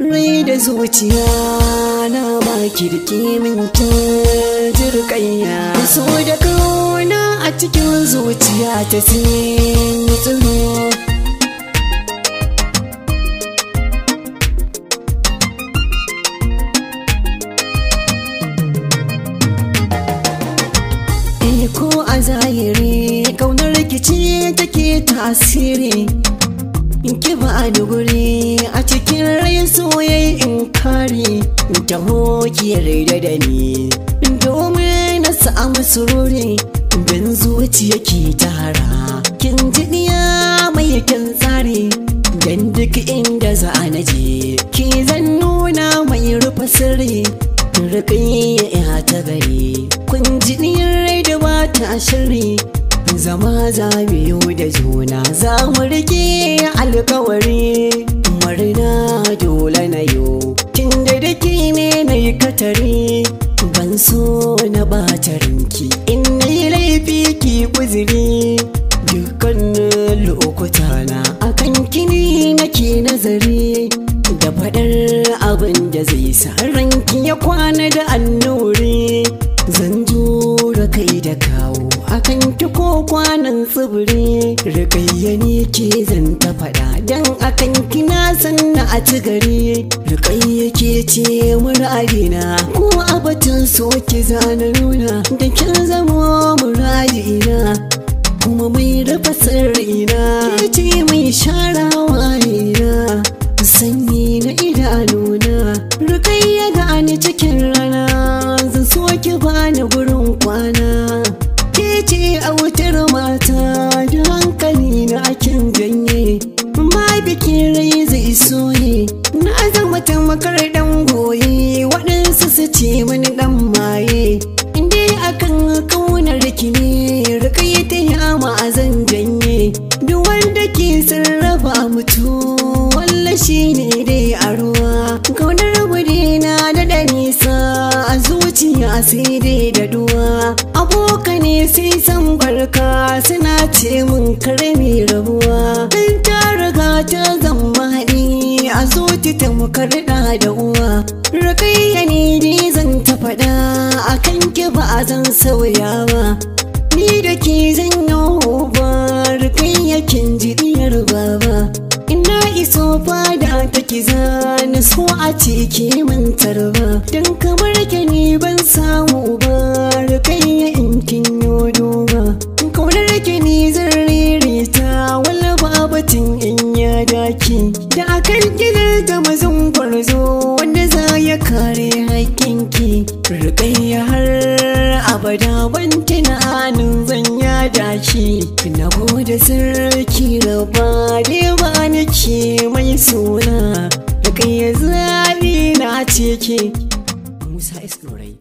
rai da zuciya na ba kirki minta jirkanya so da kauna a cikin zuciya ta sin tsoro eh, ko a zahiri kaunar rikici take tasiri ki ba a guri a so yayi in kare ta hokiyar da ni domin na samu sururi don zuciya ke tara kin ji niya mai kin tsari dan duk inda za a naje ki zan nuna mai rufe sirri rikin ya ta gari kun ji rai da ba ta shirri zama za yi da juna za mu rike alkawari barna dole na yo kin da ne na yi katari ban so na bata ranki in na laifi ki uzuri dukkan lokuta na akan kini nake nazari da faɗar abin da zai sa ranki ya kwana da annuri kwanan tsibiri rikayya ne ke zan ta faɗa a kan kina sanna a ci gari rikayya ke ce muradina ko a batun so ki zana nuna da kin zamo na kuma mai rufa na ciki sun raba mutu wallah shi ne dai a ruwa kaunar na da da nisa a zuciya sai dai da duwa aboka ne sai san barka suna ce mun karmi rabuwa dan ta riga ta zama haɗi a zuci ta karɗa da uwa rakayya ne dai zan ta faɗa a kan ki ba zan sauya ba ni da ke zan yi kin ji diyar baba ina iso fada ta ki zani so a ciki min tarba dan kamar ke ni ban samu ba rukayya in kin yo duba kaunar ke ni zan ririta wala babatin in ya daki da akan gidan ta mazan kwarzo wanda za ya kare haƙƙinki rukayya har abada ba sarki na gode sarki na ba ba nake mai suna da kai ya zabi na ciki musa isnurai